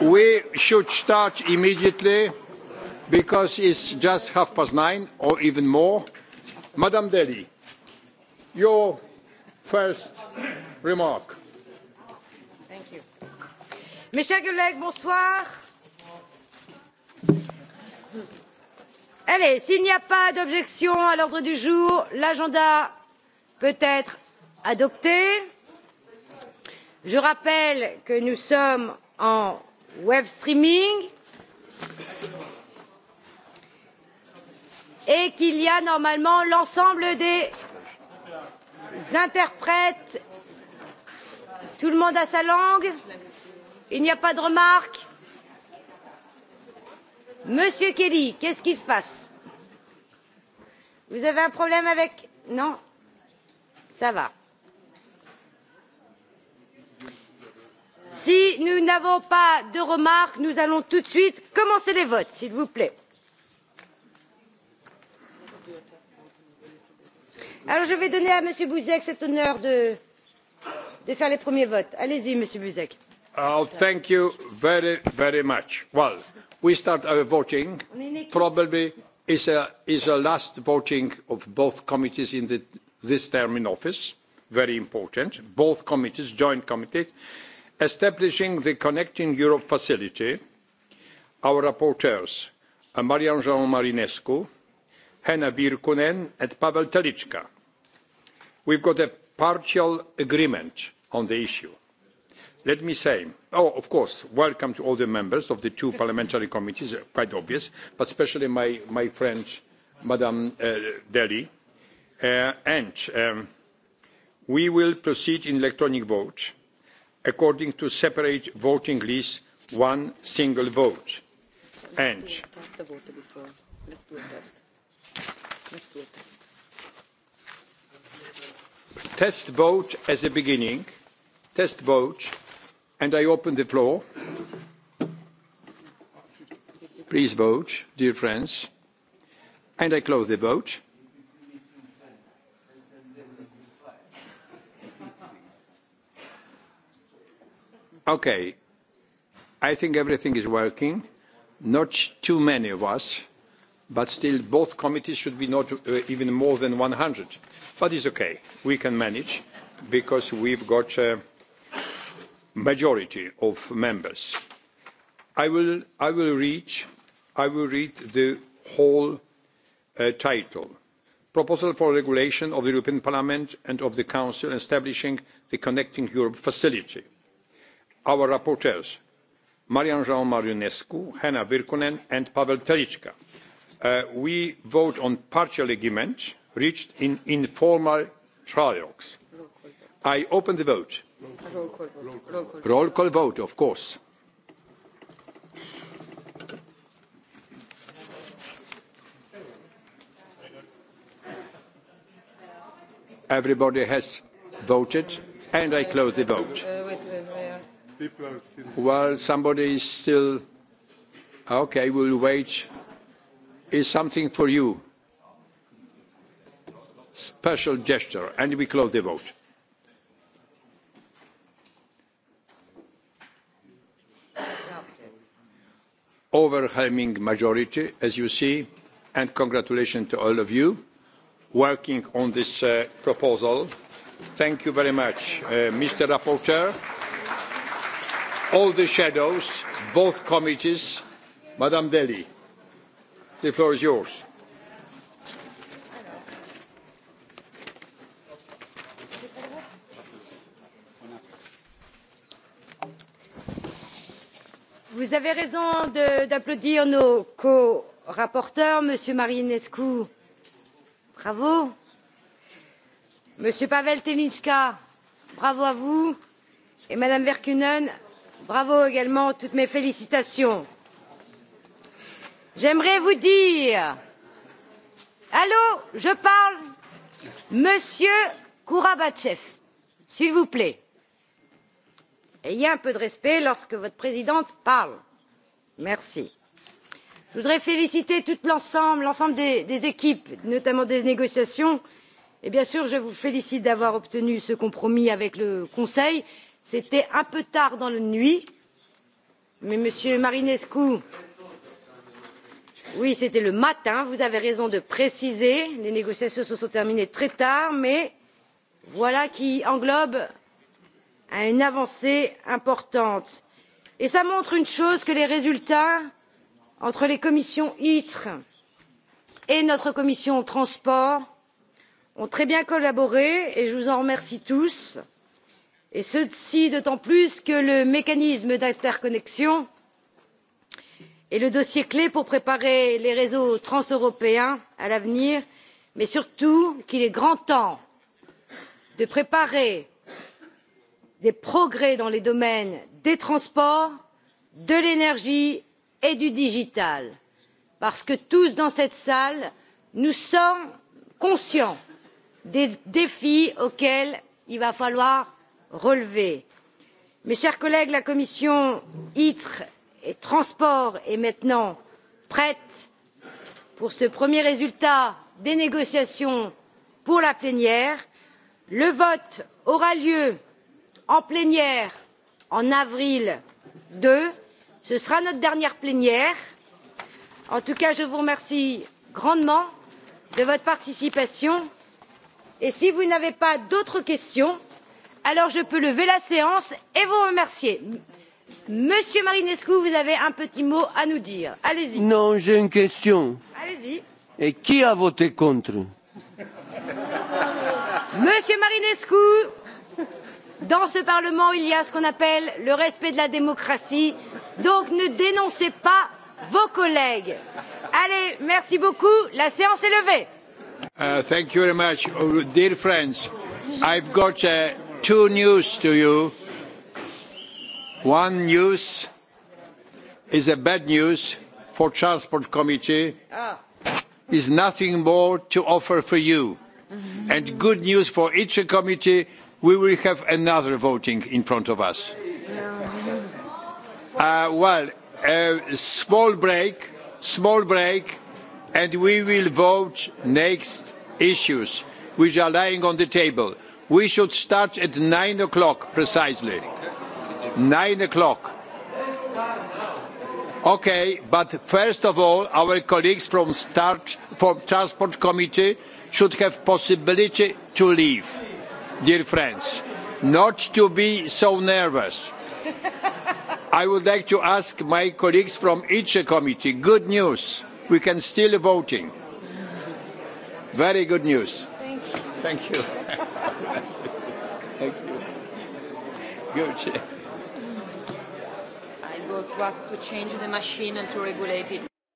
We should start immediately because it's just half past nine or even more. Madam Deli, your first remark. Thank you. Mes chers collègues, bonsoir. Allez, s'il n'y a pas d'objection à l'ordre du jour, l'agenda peut être adopté. je rappelle que nous sommes en web streaming et qu'il y a normalement l'ensemble des interprètes. Tout le monde a sa langue Il n'y a pas de remarques Monsieur Kelly, qu'est-ce qui se passe Vous avez un problème avec Non Ça va. si nous n'avons pas de remarques nous allons tout de suite commencer les votes s'il vous plaît. alors je vais donner à m. buzek cet honneur de faire les premiers votes. allez y monsieur buzek. thank you very very much. well we start our voting probably is a is a last voting of both committees in the, this term in office very important both committees joint committees establishing the Connecting Europe facility, our rapporteurs are Marian Jean Marinescu, Hanna Virkunen, and Pavel Telichka. We've got a partial agreement on the issue. Let me say, oh, of course, welcome to all the members of the two parliamentary committees, quite obvious, but especially my, my friend, Madame uh, Deli. and we will proceed in electronic vote according to separate voting lists, one single vote. And Let's do a test. Let's do a test. Test vote as a beginning. Test vote. And I open the floor. Please vote, dear friends. And I close the vote. Okay. I think everything is working. Not too many of us, but still both committees should be not even more than 100. But it's okay. We can manage because we've got a majority of members. I will I will read I will read the whole title. Proposal for regulation of the European Parliament and of the Council establishing the Connecting Europe Facility our rapporteurs, Marian Jean Marinescu, Hanna Virkkunen, and Pavel Telichka. we vote on partial agreement reached in informal trilogues. I open the vote. Roll call vote. Roll call vote, of course. Everybody has voted, and I close the vote while somebody is still. Okay, we'll wait. Is something for you? Special gesture, and we close the vote. Overwhelming majority, as you see, and congratulations to all of you working on this uh, proposal. Thank you very much, uh, Mr. Rapporteur all the shadows, both committees. Madame Deli, the floor is yours. Vous avez raison d'applaudir nos co-rapporteurs, Monsieur Marinescu, bravo. Monsieur Pavel Telinska, bravo à vous. Et Madame Verkunen, bravo également toutes mes félicitations. j'aimerais vous dire allô je parle monsieur kourabatchev s'il vous plaît ayez un peu de respect lorsque votre présidente parle. merci. je voudrais féliciter tout l'ensemble l'ensemble des équipes notamment des négociations et bien sûr je vous félicite d'avoir obtenu ce compromis avec le conseil c'était un peu tard dans la nuit mais monsieur marinescu oui c'était le matin vous avez raison de préciser les négociations se sont terminées très tard mais voilà qui englobe une avancée importante et cela montre une chose que les résultats entre les commissions itre et notre commission des transports ont très bien collaboré et je vous en remercie tous et ceci d'autant plus que le mécanisme d'interconnexion est le dossier clé pour préparer les réseaux transeuropéens à l'avenir mais surtout qu'il est grand temps de préparer des progrès dans les domaines des transports de l'énergie et du digital parce que tous dans cette salle nous sommes conscients des défis auxquels il va falloir relevés. mes chers collègues la commission itre et transport est maintenant prête pour ce premier résultat des négociations pour la plénière. le vote aura lieu en plénière en avril deux ce sera notre dernière plénière. en tout cas je vous remercie grandement de votre participation et si vous n'avez pas d'autres questions alors je peux lever la séance et vous remercier. Monsieur Marinescu, vous avez un petit mot à nous dire. Allez-y. Non, j'ai une question. Allez-y. Et qui a voté contre Monsieur Marinescu, dans ce Parlement, il y a ce qu'on appelle le respect de la démocratie. Donc ne dénoncez pas vos collègues. Allez, merci beaucoup. La séance est levée. Uh, thank you very much. Oh, dear friends, I've got a two news to you. One news is a bad news for Transport Committee. Is nothing more to offer for you. And good news for each committee, we will have another voting in front of us. Uh, well, a small break, small break, and we will vote next issues which are lying on the table. We should start at nine o'clock precisely. Nine o'clock. Okay, but first of all, our colleagues from, start, for Transport Committee should have possibility to leave, dear friends, not to be so nervous. I would like to ask my colleagues from each committee, good news, we can still voting. Very good news. Thank you. Thank you. Gucci. I go to have to change the machine and to regulate it.